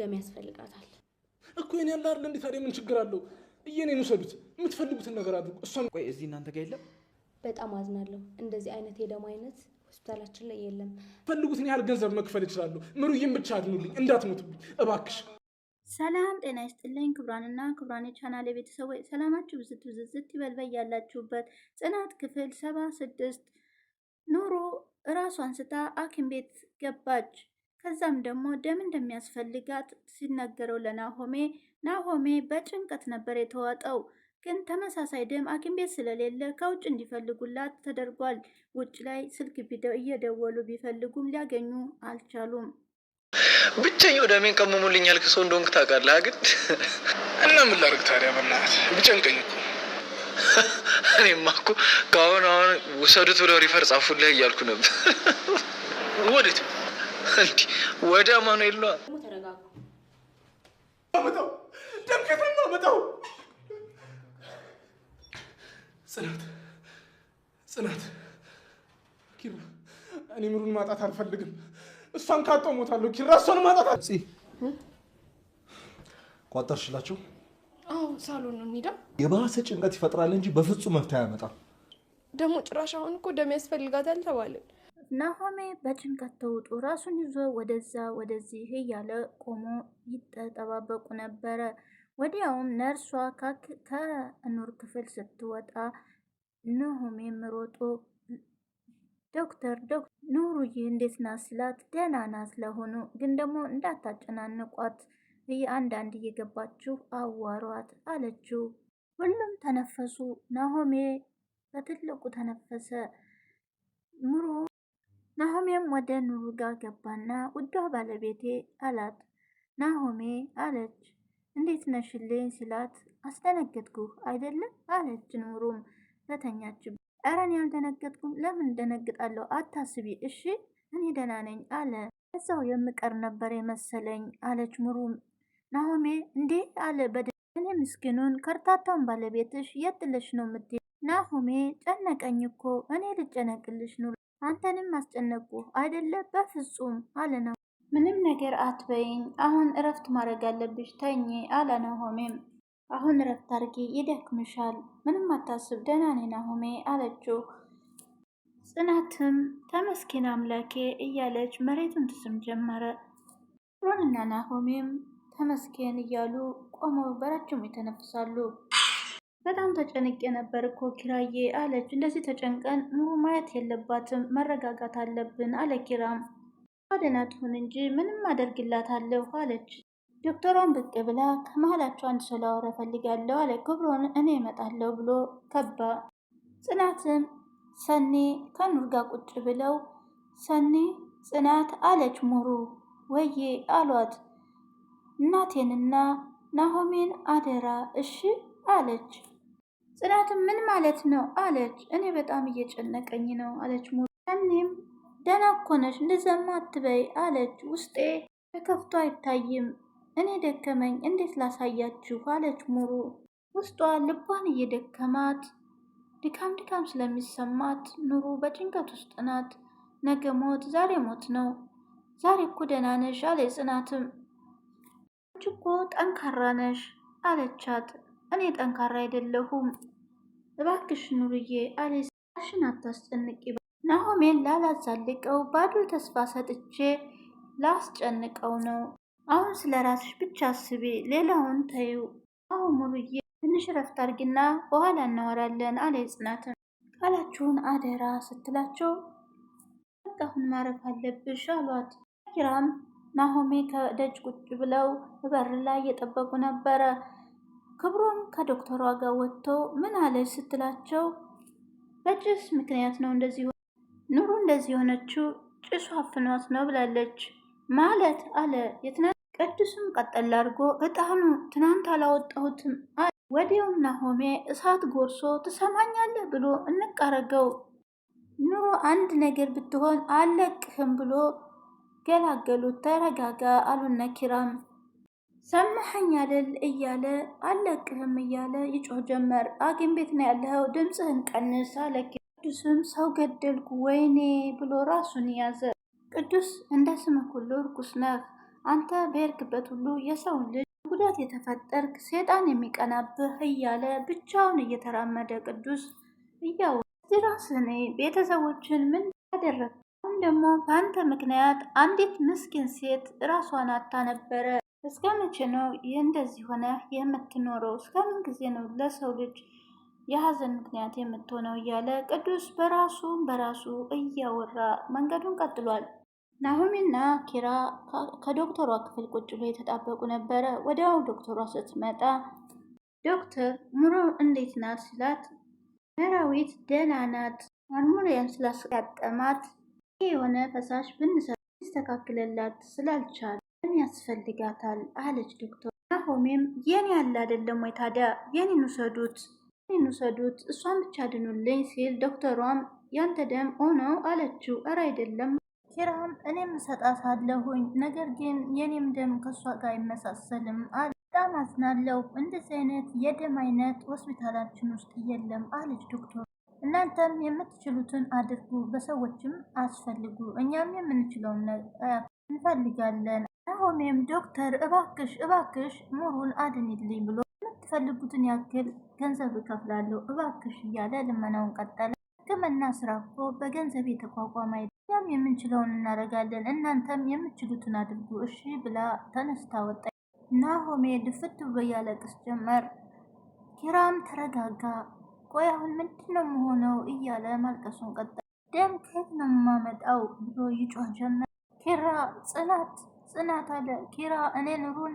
ደም ያስፈልጋታል እኮ የኔ ያለ አለ እንዴት ምን ችግር አለው? እየኔን ውሰዱት፣ የምትፈልጉትን ነገር አድርጉ። እሷም ቆይ እዚህ እናንተ ጋር የለም። በጣም አዝናለሁ። እንደዚህ አይነት የደም አይነት ሆስፒታላችን ላይ የለም። ፈልጉትን ያህል ገንዘብ መክፈል ይችላሉ። ምሩዬን ብቻ አድኑልኝ፣ እንዳትሞትብኝ እባክሽ። ሰላም ጤና ይስጥልኝ። ክቡራንና ክቡራን የቻናል ቤተሰቦች ሰላማችሁ ብዝት ብዝዝት ይበልበል። ያላችሁበት ጽናት ክፍል ሰባ ስድስት ኑሮ እራሷን ስታ ሐኪም ቤት ገባች። ከዛም ደግሞ ደም እንደሚያስፈልጋት ሲነገረው ለናሆሜ ናሆሜ በጭንቀት ነበር የተዋጠው። ግን ተመሳሳይ ደም አኪም ቤት ስለሌለ ከውጭ እንዲፈልጉላት ተደርጓል። ውጭ ላይ ስልክ እየደወሉ ቢፈልጉም ሊያገኙ አልቻሉም። ብቸኛው ደሜን ቀመሙልኝ ያልክ ሰው እንደሆንክ ታውቃለህ አግድ እና ምን ላድርግ ታዲያ በእናትህ ብጨንቀኝ እኮ እኔማ እኮ ከአሁን አሁን ውሰዱት ብለው ሪፈር ጻፉልህ እያልኩ ነበር ወዴት ወደ ነው የለ ጽናት ጽናት ኪራ፣ እኔ ምሩን ማጣት አልፈልግም። እሷን ካጣሁ እሞታለሁ። ኪራ፣ እሷን ማጣት አል ቋጠርሽላቸው። አዎ፣ ሳሎን ነው እንሂዳ። የባሰ ጭንቀት ይፈጥራል እንጂ በፍጹም መፍትሄ አያመጣም። ደግሞ ጭራሽ አሁን እኮ ደም ያስፈልጋታል ተባልን። ናሆሜ በጭንቀት ተውጦ ራሱን ይዞ ወደዛ ወደዚህ እያለ ቆሞ ይጠባበቁ ነበረ። ወዲያውም ነርሷ ከኑር ክፍል ስትወጣ ናሆሜም ምሮጦ! ዶክተር ኑሩዬ እንዴት ናት ሲላት ደህና ናት ለሆኑ ግን ደግሞ እንዳታጨናንቋት አንዳንድ እየገባችሁ አዋሯት አለችው። ሁሉም ተነፈሱ። ናሆሜ በትልቁ ተነፈሰ። ምሮ ናሆሜም ወደ ኑሩ ጋር ገባና ውዷ ባለቤቴ አላት። ናሆሜ አለች። እንዴት ነሽልኝ ሲላት አስደነገጥኩህ አይደለም አለች። ኑሩም በተኛችብ እረን ያልደነገጥኩም ለምን ደነግጣለሁ? አታስቢ እሺ እኔ ደህና ነኝ አለ። እዛው የምቀር ነበር የመሰለኝ አለች ምሩም። ናሆሜ እንዴ አለ በደ እኔ ምስኪኑን ከርታታውን ባለቤትሽ የትለሽ ነው ምት ናሆሜ ጨነቀኝ እኮ እኔ ልጨነቅልሽ ኑሮ አንተንም አስጨነቁ አይደለ? በፍጹም ነው ምንም ነገር አትበይኝ፣ አሁን እረፍት ማድረግ አለብሽ ተኝ አለ ናሆሜም። አሁን እረፍት አድርጊ ይደክምሻል፣ ምንም አታስብ፣ ደህና ነኝ ናሆሜ አለችው። ጽናትም ተመስኪን አምላኬ እያለች መሬቱን ትስም ጀመረ። ሮንና ናሆሜም ተመስኪን እያሉ ቆመው በረጅሙ ይተነፍሳሉ። በጣም ተጨንቄ ነበር እኮ ኪራዬ አለች። እንደዚህ ተጨንቀን ሙሉ ማየት የለባትም መረጋጋት አለብን አለ ኪራም። አደናት ትሁን እንጂ ምንም አደርግላታለሁ አለች። ዶክተሯን ብቅ ብላ ከመሀላቸው አንድ ሰው ላወራ እፈልጋለሁ አለ። ክብሮን እኔ እመጣለሁ ብሎ ከባ። ጽናትም ሰኔ ከኑር ጋር ቁጭ ብለው ሰኔ ጽናት አለች ሙሩ ወዬ አሏት። እናቴንና ናሆሜን አደራ እሺ አለች። ጽናትም ምን ማለት ነው አለች። እኔ በጣም እየጨነቀኝ ነው አለች። ሙኒም ደህና እኮ ነሽ እንደዛማ አትበይ አለች። ውስጤ ተከፍቶ አይታይም እኔ ደከመኝ እንዴት ላሳያችሁ አለች። ሙሩ ውስጧ ልቧን እየደከማት ድካም ድካም ስለሚሰማት ኑሩ በጭንቀት ውስጥ ናት። ነገ ሞት ዛሬ ሞት ነው። ዛሬ እኮ ደህና ነሽ አለ ጽናትም እጅ እኮ ጠንካራ ነሽ አለቻት። እኔ ጠንካራ አይደለሁም እባክሽ ኑርዬ አሌሳሽን አታስጨንቂ። ናሆሜን ላላዛልቀው ባዶ ተስፋ ሰጥቼ ላስጨንቀው ነው። አሁን ስለ ራስሽ ብቻ አስቢ፣ ሌላውን ተዩ። አሁ ሙሉዬ ትንሽ ረፍት አርግና በኋላ እናወራለን አለ ጽናትን። ቃላችሁን አደራ ስትላቸው በቃ አሁን ማረፍ አለብሽ አሏት። ኪራም ናሆሜ ከደጅ ቁጭ ብለው በር ላይ እየጠበቁ ነበረ። ክብሮም ከዶክተሯ ጋር ወጥቶ ምን አለች ስትላቸው በጭስ ምክንያት ነው እንደዚህ ኑሩ እንደዚህ የሆነችው ጭሱ አፍኗት ነው ብላለች ማለት አለ። የትናንት ቅዱስም ቀጠል አድርጎ እጣኑ ትናንት አላወጣሁትም አለ። ወዲያው ናሆሜ እሳት ጎርሶ ትሰማኛለህ ብሎ እንቃረገው ኑሮ አንድ ነገር ብትሆን አለቅህም ብሎ ገላገሉት። ተረጋጋ አሉነ ኪራም ሰማኸኝ አይደል እያለ አለቅህም እያለ ይጮህ ጀመር። ሐኪም ቤት ነው ያለኸው፣ ድምፅህን ቀንስ አለ። ቅዱስም ሰው ገደልኩ ወይኔ ብሎ ራሱን ያዘ። ቅዱስ እንደ ስምህ ሁሉ እርኩስ ነህ አንተ በሄድክበት ሁሉ የሰውን ልጅ ጉዳት የተፈጠርክ ሴጣን የሚቀናብህ እያለ ብቻውን እየተራመደ ቅዱስ እያው ራስህን ቤተሰቦችን ምን ያደረግ አሁን ደግሞ በአንተ ምክንያት አንዲት ምስኪን ሴት ራሷን አታ ነበረ እስከ መቼ ነው እንደዚህ ሆነ የምትኖረው? እስከ ምን ጊዜ ነው ለሰው ልጅ የሀዘን ምክንያት የምትሆነው? እያለ ቅዱስ በራሱ በራሱ እያወራ መንገዱን ቀጥሏል። ናሆሚና ኪራ ከዶክተሯ ክፍል ቁጭ ብሎ የተጣበቁ ነበረ። ወዲያው ዶክተሯ ስትመጣ ዶክተር ሙሮ እንዴት ናት ስላት መራዊት ደህና ናት፣ ስላስቀጠማት ይህ የሆነ ፈሳሽ ብንሰ ይስተካክለላት ስላልቻለ ያስፈልጋታል አለች ዶክተር ናሆሜም የኔ ያለ አይደለም ወይ ታዲያ የኔን ውሰዱት የኔን ውሰዱት እሷን ብቻ አድኑልኝ ሲል ዶክተሯም ያንተ ደም ሆኖ አለችው እረ አይደለም ኪራም እኔም እሰጣታለሁኝ ነገር ግን የኔም ደም ከእሷ ጋር አይመሳሰልም አለ በጣም አዝናለሁ እንደዚህ አይነት የደም አይነት ሆስፒታላችን ውስጥ የለም አለች ዶክተር እናንተም የምትችሉትን አድርጉ በሰዎችም አስፈልጉ እኛም የምንችለውን እንፈልጋለን። ናሆሜም ዶክተር እባክሽ እባክሽ ሙሩን አድንልኝ ብሎ የምትፈልጉትን ያክል ገንዘብ እከፍላለሁ እባክሽ እያለ ልመናውን ቀጠለ። ሕክምና ስራ እኮ በገንዘብ የተቋቋመ ያም የምንችለውን እናደርጋለን፣ እናንተም የምችሉትን አድርጉ እሺ ብላ ተነስታ ወጣ። ናሆሜ ድፍት ብሎ እያለቅስ ጀመር። ኪራም ተረጋጋ፣ ቆይ አሁን ምንድን ነው መሆነው እያለ ማልቀሱን ቀጠለ። ደም ከየት ነው የማመጣው ብሎ ይጮህ ጀመር። ኪራ ጽናት ጽናት አለ ኪራ እኔ ኑሩን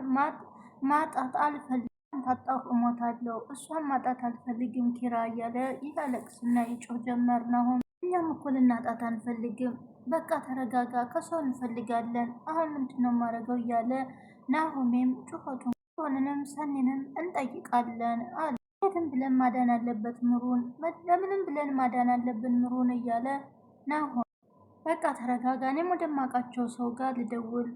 ማጣት አልፈልግም፣ ታጣሁ እሞታለሁ፣ እሷን ማጣት አልፈልግም ኪራ እያለ ይላለቅስና ይጮህ ጀመር። ናሆም እኛም እኮ ልናጣት አንፈልግም፣ በቃ ተረጋጋ፣ ከሰው እንፈልጋለን፣ አሁን ምንድነው ማድረገው እያለ ናሆሜም ጩኸቱ ሆንንም ሰኒንም እንጠይቃለን አለ። የትም ብለን ማዳን አለበት ምሩን፣ ለምንም ብለን ማዳን አለብን ምሩን እያለ ናሆም በቃ ተረጋጋ፣ እኔም ወደማውቃቸው ሰው ጋር ልደውል፣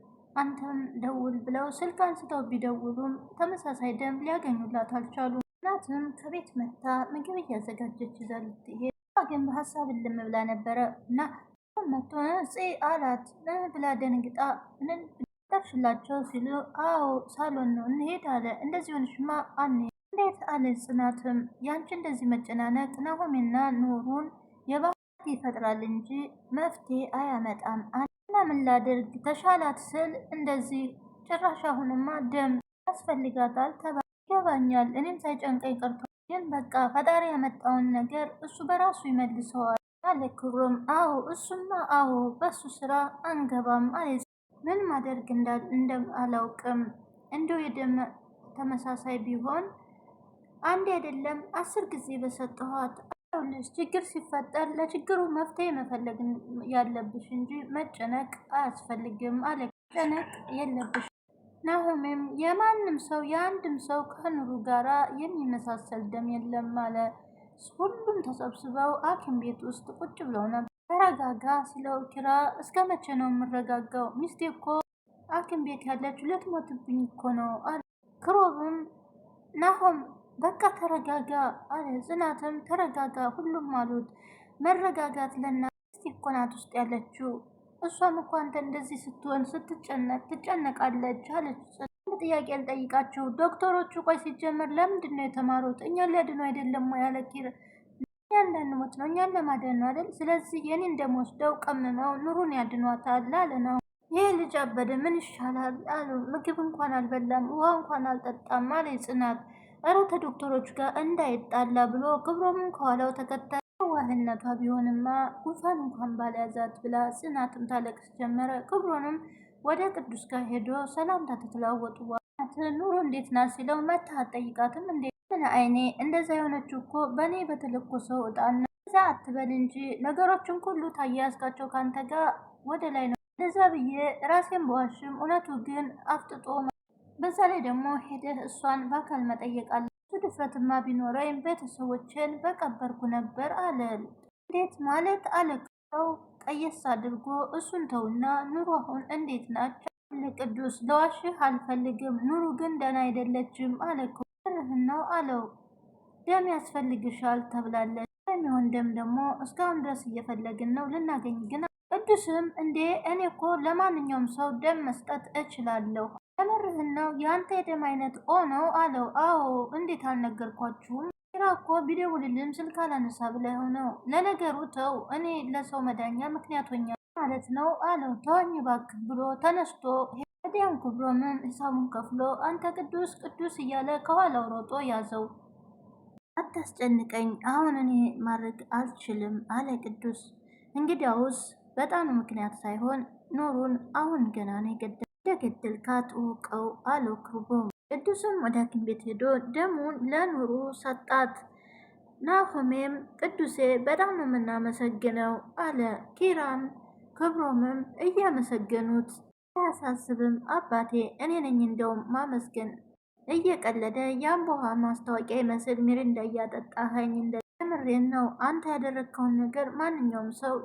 አንተም ደውል ብለው ስልክ አንስተው ቢደውሉም ተመሳሳይ ደንብ ሊያገኙላት አልቻሉ። እናትም ከቤት መታ ምግብ እያዘጋጀች ይዛ ልትሄድ ግን በሀሳብ እልም ብላ ነበረ እና መቶ ፅ አላት ብላ ደንግጣ ምን ጠፍሽላቸው ሲሉ አዎ ሳሎን ነው እንሄድ አለ። እንደዚህ ሆንሽማ አኔ እንዴት አለ ጽናትም ያንቺ እንደዚህ መጨናነቅ ናሆሜና ኑሩን የባ ት ይፈጥራል እንጂ መፍትሄ አያመጣም። እና ምን ላድርግ ተሻላት ስል እንደዚህ ጭራሽ አሁንማ ደም ያስፈልጋታል ተባ ይገባኛል። እኔም ሳይጨንቀኝ ቀርቶ ግን በቃ ፈጣሪ ያመጣውን ነገር እሱ በራሱ ይመልሰዋል አለ ክብሮም። አዎ እሱማ አዎ በሱ ስራ አንገባም አለ። ምን ማደርግ እንደም አላውቅም። እንደው የደም ተመሳሳይ ቢሆን አንድ አይደለም አስር ጊዜ በሰጠኋት ይኸውልሽ ችግር ሲፈጠር ለችግሩ መፍትሄ መፈለግ ያለብሽ እንጂ መጨነቅ አያስፈልግም አለ። መጨነቅ የለብሽ። ናሆምም የማንም ሰው የአንድም ሰው ከኑሩ ጋራ የሚመሳሰል ደም የለም አለ። ሁሉም ተሰብስበው ሐኪም ቤት ውስጥ ቁጭ ብለው ነበር። ተረጋጋ ሲለው ኪራ እስከ መቼ ነው የምረጋጋው? ሚስቴ እኮ ሐኪም ቤት ያለች ልትሞትብኝ እኮ ነው አለ። ክሮብም ናሆም በቃ ተረጋጋ አለ። ጽናትም ተረጋጋ ሁሉም አሉት። መረጋጋት ለእናት ስቲኮናት ውስጥ ያለችው እሷም እኮ አንተ እንደዚህ ስትሆን ስትጨነቅ ትጨነቃለች አለች። ጥያቄ ልጠይቃችሁ፣ ዶክተሮቹ ቆይ ሲጀመር ለምንድን ነው የተማሩት? እኛን ሊያድኑ አይደለም ያለ ኪር እኛን ሞት ነው እኛን ለማደን ነው አይደል? ስለዚህ የኔ እንደምወስደው ቀምመው ኑሩን ያድኗታል አለ ነው ይህ ልጅ አበደ ምን ይሻላል አሉ። ምግብ እንኳን አልበላም ውሃ እንኳን አልጠጣም አለ ጽናት እረ ከዶክተሮቹ ጋር እንዳይጣላ ብሎ ክብሮምን ከኋላው ተከተለ። ዋህነቷ ቢሆንማ ጉንፋን እንኳን ባልያዛት ብላ ጽናትም ታለቅስ ጀመረ። ክብሮንም ወደ ቅዱስ ጋር ሄዶ ሰላምታ ተተለዋወጡ። ኑሮ እንዴት ናት ሲለው መታ ጠይቃትም እንዴ? ምን አይኔ እንደዛ የሆነችው እኮ በእኔ በተለኮሰው እጣና እዛ አትበል እንጂ ነገሮችን ሁሉ ታያያዝካቸው ከአንተ ጋር ወደ ላይ ነው። እንደዛ ብዬ ራሴን በዋሽም እውነቱ ግን አፍጥጦ በዛ ላይ ደግሞ ሄደህ እሷን በአካል መጠየቅ አለ። ድፍረትማ ቢኖረኝ ቤተሰቦችን በቀበርኩ ነበር አለ። እንዴት ማለት አለቀው። ቀየስ አድርጎ እሱን ተውና ኑሮ አሁን እንዴት ናቸው? ቅዱስ ለዋሽህ አልፈልግም። ኑሩ ግን ደህና አይደለችም አለከው። ርህን ነው አለው። ደም ያስፈልግሻል ተብላለች። የሚሆን ደም ደግሞ እስካሁን ድረስ እየፈለግን ነው፣ ልናገኝ ግን ቅዱስም እንዴ እኔ እኮ ለማንኛውም ሰው ደም መስጠት እችላለሁ ለመርዝን የአንተ የደም አይነት ኦ ነው አለው። አዎ እንዴት አልነገርኳችሁም? ኪራ እኮ ቢደውልልም ስልክ አላነሳ ብለው ነው። ለነገሩ ተው እኔ ለሰው መዳኛ ምክንያቶኛ ማለት ነው አለው። ተወኝ እባክህ ብሎ ተነስቶ ወዲያም ክብሮምም ሂሳቡን ከፍሎ አንተ ቅዱስ ቅዱስ እያለ ከኋላው ሮጦ ያዘው። አታስጨንቀኝ፣ አሁን እኔ ማድረግ አልችልም አለ ቅዱስ። እንግዲያውስ በጣም ምክንያት ሳይሆን ኖሩን አሁን ገና ነው የገደ እንደገደልካት እወቀው አለው ቅዱስም ወደ ሐኪም ቤት ሄዶ ደሙን ለኑሩ ሰጣት። ናሆሜም ቅዱሴ በጣም ነው የምናመሰግነው አለ። ኪራም ክብሮምም እያመሰገኑት አያሳስብም አባቴ፣ እኔ ነኝ እንደውም ማመስገን እየቀለደ ያን በኋ ማስታወቂያ ይመስል ሚሪንዳ እያጠጣኸኝ እንደ ምሬን ነው አንተ ያደረግከውን ነገር ማንኛውም ሰው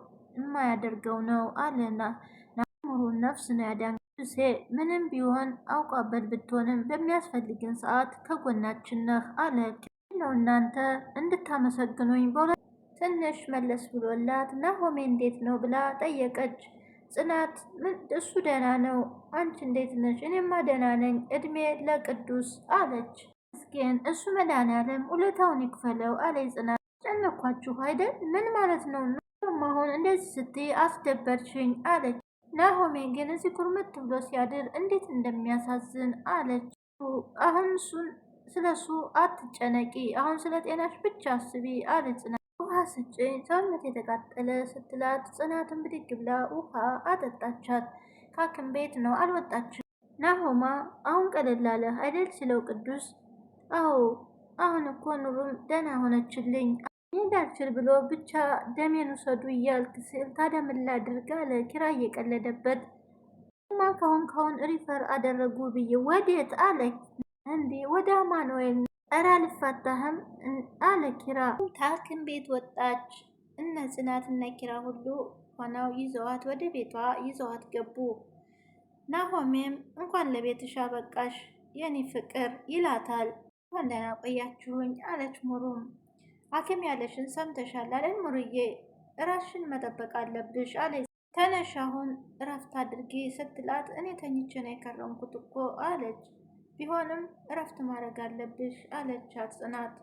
የማያደርገው ነው አለና ናሙሩን ነፍስ ነው ያዳን ብሴ ምንም ቢሆን አውቃበት ብትሆንም በሚያስፈልግን ሰዓት ከጎናችን ነህ አለች። ነው እናንተ እንድታመሰግኑኝ በ ትንሽ መለስ ብሎላት ናሆሜ እንዴት ነው ብላ ጠየቀች። ጽናት እሱ ደህና ነው፣ አንቺ እንዴት ነች እኔማ ደህና ነኝ፣ እድሜ ለቅዱስ አለች። ምስኪን እሱ መድኃኒዓለም ውለታውን ይክፈለው አለች ጽናት። ጨነኳችሁ አይደል? ምን ማለት ነው? ማሆን እንደዚህ ስትይ አስደበርሽኝ አለች። ናሆሜ ግን እዚህ ኩርምት ብሎ ሲያድር እንዴት እንደሚያሳዝን አለች። አሁን እሱን ስለ እሱ አትጨነቂ፣ አሁን ስለ ጤናሽ ብቻ አስቢ አለች ጽናት። ውሃ ስጭኝ ሰውነት የተቃጠለ ስትላት ጽናትን ብድግ ብላ ውሃ አጠጣቻት። ካክም ቤት ነው አልወጣችም። ናሆማ አሁን ቀለል አለ አይደል ሲለው ቅዱስ አዎ አሁን እኮ ኑሩም ደህና ሆነችልኝ ይሄን ብሎ ብቻ ደሜን ውሰዱ እያልክ ስል ታዲያ ምን ላድርግ አለ ኪራ እየቀለደበት። ማ ካሁን ካሁን ሪፈር አደረጉ ብዬ ወዴት አለ እንዴ ወደ አማኑኤል እረ አልፋታህም አለ ኪራ። ታክም ቤት ወጣች። እነ ጽናት እነ ኪራ ሁሉ ሆነው ይዘዋት ወደ ቤቷ ይዘዋት ገቡ። ናሆሜም እንኳን ለቤትሽ አበቃሽ የኔ ፍቅር ይላታል። እንኳን ደህና ቆያችሁኝ አለች ሙሩም ሐኪም ያለሽን ሰምተሻል አይደል ሙርዬ ራስሽን መጠበቅ አለብሽ አለ። ተነሽ አሁን እረፍት አድርጊ ስትላት እኔ ተኝቼ ነው የከረምኩት እኮ አለች። ቢሆንም እረፍት ማድረግ አለብሽ አለቻት ጽናት።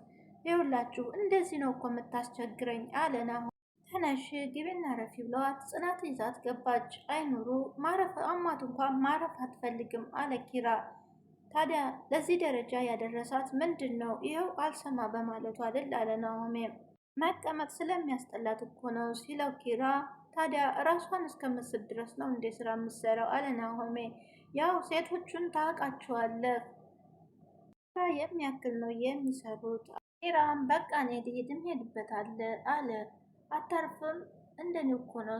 ይኸውላችሁ እንደዚህ ነው እኮ የምታስቸግረኝ አለን። አሁን ተነሽ ግቢና ረፊ ብለዋት ጽናት ይዛት ገባች። አይኑሩ ማረፍ አማት እንኳን ማረፍ አትፈልግም አለ ኪራ ታዲያ ለዚህ ደረጃ ያደረሳት ምንድን ነው? ይኸው አልሰማ በማለቱ አይደል አለ ናሆሜም። መቀመጥ ስለሚያስጠላት እኮ ነው ሲለው ኪራ ታዲያ ራሷን እስከምስል ድረስ ነው እንዴ ስራ የምትሰራው? አለ ናሆሜ። ያው ሴቶቹን ታውቃቸዋለህ የሚያክል ነው የሚሰሩት። ኪራም በቃ እኔ ልሂድ እምሄድበታለሁ አለ። አታርፍም እንደኔ እኮ ነው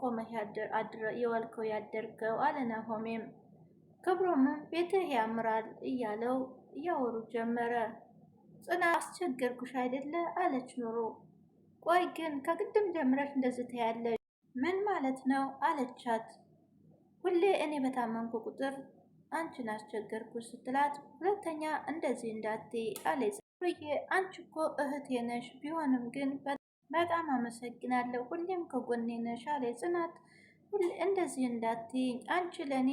ቆመህ የዋልከው ያደርገው አለ ናሆሜም ክብሮምም ቤትህ ያምራል እያለው እያወሩ ጀመረ። ጽና አስቸገርኩሽ አይደለ አለች ኑሮ። ቆይ ግን ከቅድም ጀምረሽ እንደዚህ ትያለሽ ምን ማለት ነው አለቻት። ሁሌ እኔ በታመንኩ ቁጥር አንቺን አስቸገርኩሽ ስትላት፣ ሁለተኛ እንደዚህ እንዳቴ አለ ጽዬ አንቺ እኮ እህቴ ነሽ፣ ቢሆንም ግን በጣም አመሰግናለሁ፣ ሁሌም ከጎኔ ነሽ አለ ጽናት። እንደዚህ እንዳቴ አንቺ ለእኔ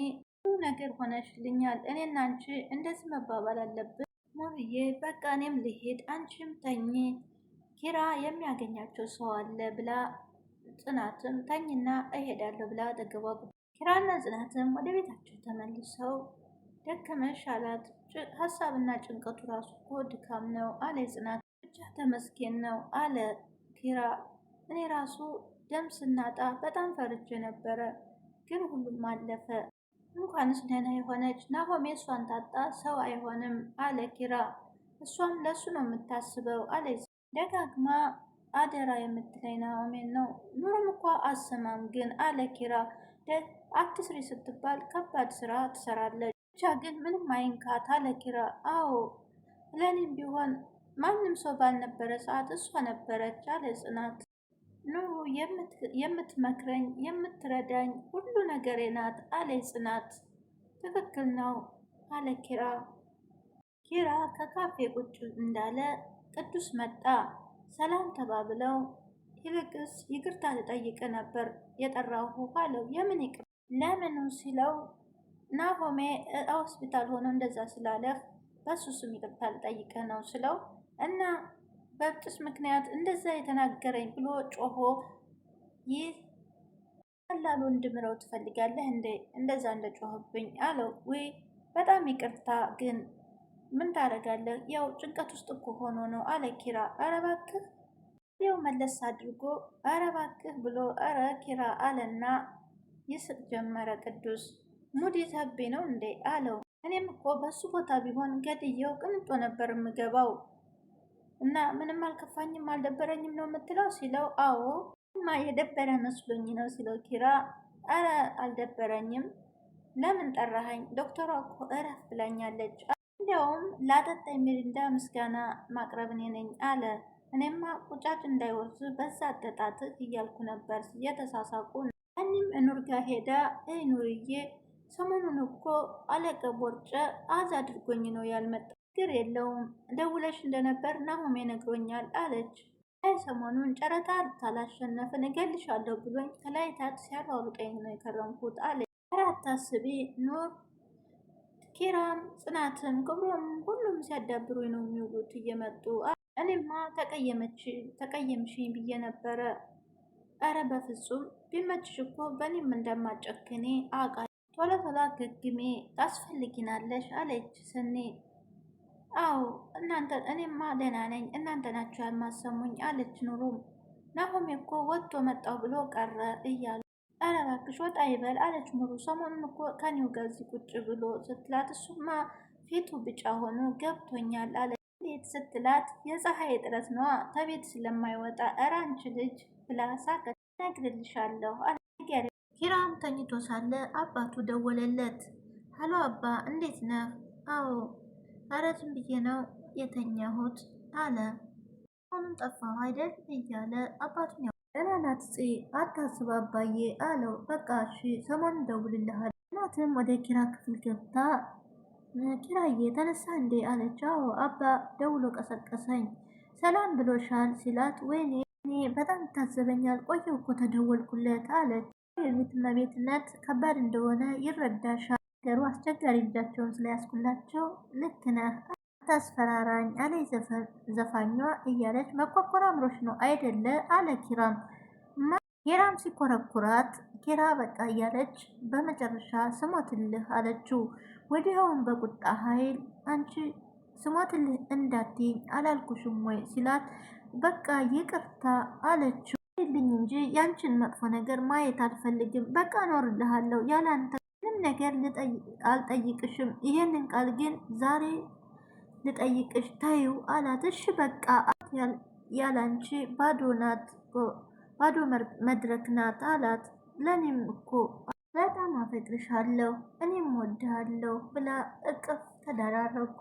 ነገር ሆነሽልኛል። እኔና አንቺ እንደዚህ መባባል አለብን። ሙብዬ በቃ እኔም ልሄድ፣ አንቺም ተኝ፣ ኪራ የሚያገኛቸው ሰው አለ ብላ ጽናትም ተኝና እሄዳለሁ ብላ አጠገቧ ኪራና ጽናትም ወደ ቤታቸው ተመልሰው ደከመሽ አላት። ሀሳብና ጭንቀቱ ራሱ እኮ ድካም ነው አለ ጽናት። ብቻ ተመስገን ነው አለ ኪራ። እኔ ራሱ ደም ስናጣ በጣም ፈርጅ ነበረ፣ ግን ሁሉም አለፈ። እንኳንስ ደህና የሆነች ናሆሜ እሷን ታጣ ሰው አይሆንም አለ ኪራ። እሷም ለእሱ ነው የምታስበው አለ ደጋግማ አደራ የምትለኝ ናሆሜን ነው ኑሮም እኳ አሰማም ግን አለ ኪራ። አትስሪ ስትባል ከባድ ስራ ትሰራለች፣ ብቻ ግን ምንም አይንካት አለ ኪራ። አዎ ለእኔም ቢሆን ማንም ሰው ባልነበረ ሰዓት እሷ ነበረች አለ ጽናት። ኑሩ የምትመክረኝ የምትረዳኝ ሁሉ ነገሬ ናት አለ ጽናት። ትክክል ነው አለ ኪራ። ኪራ ከካፌ ቁጭ እንዳለ ቅዱስ መጣ። ሰላም ተባብለው ይልቅስ ይቅርታ ልጠይቅ ነበር የጠራሁ አለው። የምን ይቅር ለምኑ ሲለው ናሆሜ ሆስፒታል ሆኖ እንደዛ ስላለፍ በሱ ስም ይቅርታ ልጠይቅህ ነው ስለው እና በብጥስ ምክንያት እንደዛ የተናገረኝ ብሎ ጮሆ ይህ ቀላል እንድምረው ትፈልጋለህ እንዴ እንደዛ እንደ ጮሆብኝ አለው። ወይ በጣም ይቅርታ ግን ምን ታደርጋለህ? ያው ጭንቀት ውስጥ እኮ ሆኖ ነው አለ ኪራ። ኧረ እባክህ ያው መለስ አድርጎ ኧረ እባክህ ብሎ አረ ኪራ አለና ይስቅ ጀመረ። ቅዱስ ሙድ የተቤ ነው እንዴ አለው። እኔም እኮ በሱ ቦታ ቢሆን ገድየው ቅንጦ ነበር የምገባው እና ምንም አልከፋኝም አልደበረኝም ነው የምትለው ሲለው፣ አዎ ማ የደበረ መስሎኝ ነው ሲለው፣ ኪራ አረ አልደበረኝም፣ ለምን ጠራኸኝ? ዶክተሯ እኮ እረፍ ብላኛለች። እንዲያውም ላጠጣ ሚሪንዳ ምስጋና ማቅረብ እኔ ነኝ አለ። እኔማ ቁጫጭ እንዳይወርዝ በዛ አጠጣትህ እያልኩ ነበር እየተሳሳቁ እኔም እኑር ጋ ሄዳ እኑርዬ ሰሞኑን እኮ አለቀ ቦርጨ አዝ አድርጎኝ ነው ያልመጣ ችግር የለውም ደውለሽ እንደነበር ናሆሜ ነግሮኛል አለች። ሰሞኑን ጨረታ ታላሸነፍን እገልሻለሁ ብሎኝ ከላይ ታች ሲያሯሩጠኝ ነው የከረምኩት አለች። አራት አስቢ ኑር ኪራም ጽናትም ክብሮም ሁሉም ሲያዳብሩኝ ነው የሚውሉት እየመጡ እኔማ ተቀየመች ተቀየምሽኝ ብዬ ነበረ። ኧረ በፍጹም ቢመችሽ እኮ በእኔም እንደማጨክኔ አውቃለሁ። ቶሎ ቶሎ አገግሜ ታስፈልጊናለሽ አለች ስኔ አዎ እናንተ እኔማ ደህና ነኝ፣ እናንተ ናችሁ ያልማሰሙኝ አለች ኑሩም ናሆሜ እኮ ወጥቶ መጣው ብሎ ቀረ እያሉ ኧረ እባክሽ ወጣ ይበል አለች ኑሩ። ሰሞኑን እኮ ከኒው ጋር ቁጭ ብሎ ስትላት እሱማ ፊቱ ቢጫ ሆኖ ገብቶኛል አለ እንዴት ስትላት የፀሐይ እጥረት ነዋ ከቤት ስለማይወጣ ኧረ አንቺ ልጅ ብላ ሳቀች። እነግርልሻለሁ አለ ኪራም ተኝቶ ሳለ አባቱ ደወለለት። ሀሎ አባ እንዴት ነህ? አዎ ኧረ ብዬ ነው የተኛሁት አለ። አሁንም ጠፋሁ አይደል እያለ አባቱን ያ ደህና ናት ጽ አታስብ አባዬ አለው። በቃ እሺ ሰሞኑን እደውልልሃለሁ። እናትም ወደ ኪራ ክፍል ገብታ ኪራዬ ተነሳ እንዴ አለች። አዎ አባ ደውሎ ቀሰቀሰኝ ሰላም ብሎሻል ሲላት ወይኔ እኔ በጣም ይታዘበኛል ቆየው እኮ ተደወልኩለት አለች። የቤት እመቤትነት ከባድ እንደሆነ ይረዳሻል። ሲናገሩ አስቸጋሪ እጃቸውን ስለያስኩላቸው ልክ ነህ አታስፈራራኝ አለ ዘፋኟ እያለች መኮኮር አምሮች ነው አይደለ አለ ኪራም ኬራም ሲኮረኩራት ኬራ በቃ እያለች በመጨረሻ ስሞትልህ አለችው። ወዲያውን በቁጣ ኃይል አንቺ ስሞትልህ እንዳትኝ አላልኩሽም ወይ ሲላት በቃ ይቅርታ አለችው። ልኝ እንጂ ያንቺን መጥፎ ነገር ማየት አልፈልግም። በቃ እኖርልሃለሁ ያላንተ ነገር አልጠይቅሽም፣ ይሄንን ቃል ግን ዛሬ ልጠይቅሽ ታዩ አላት። በቃ ያላንቺ ባዶ ናት፣ ባዶ መድረክ ናት አላት። ለኔም እኮ በጣም አፈቅርሻለሁ፣ እኔም ወድሃለሁ ብላ እቅፍ ተደራረጉ።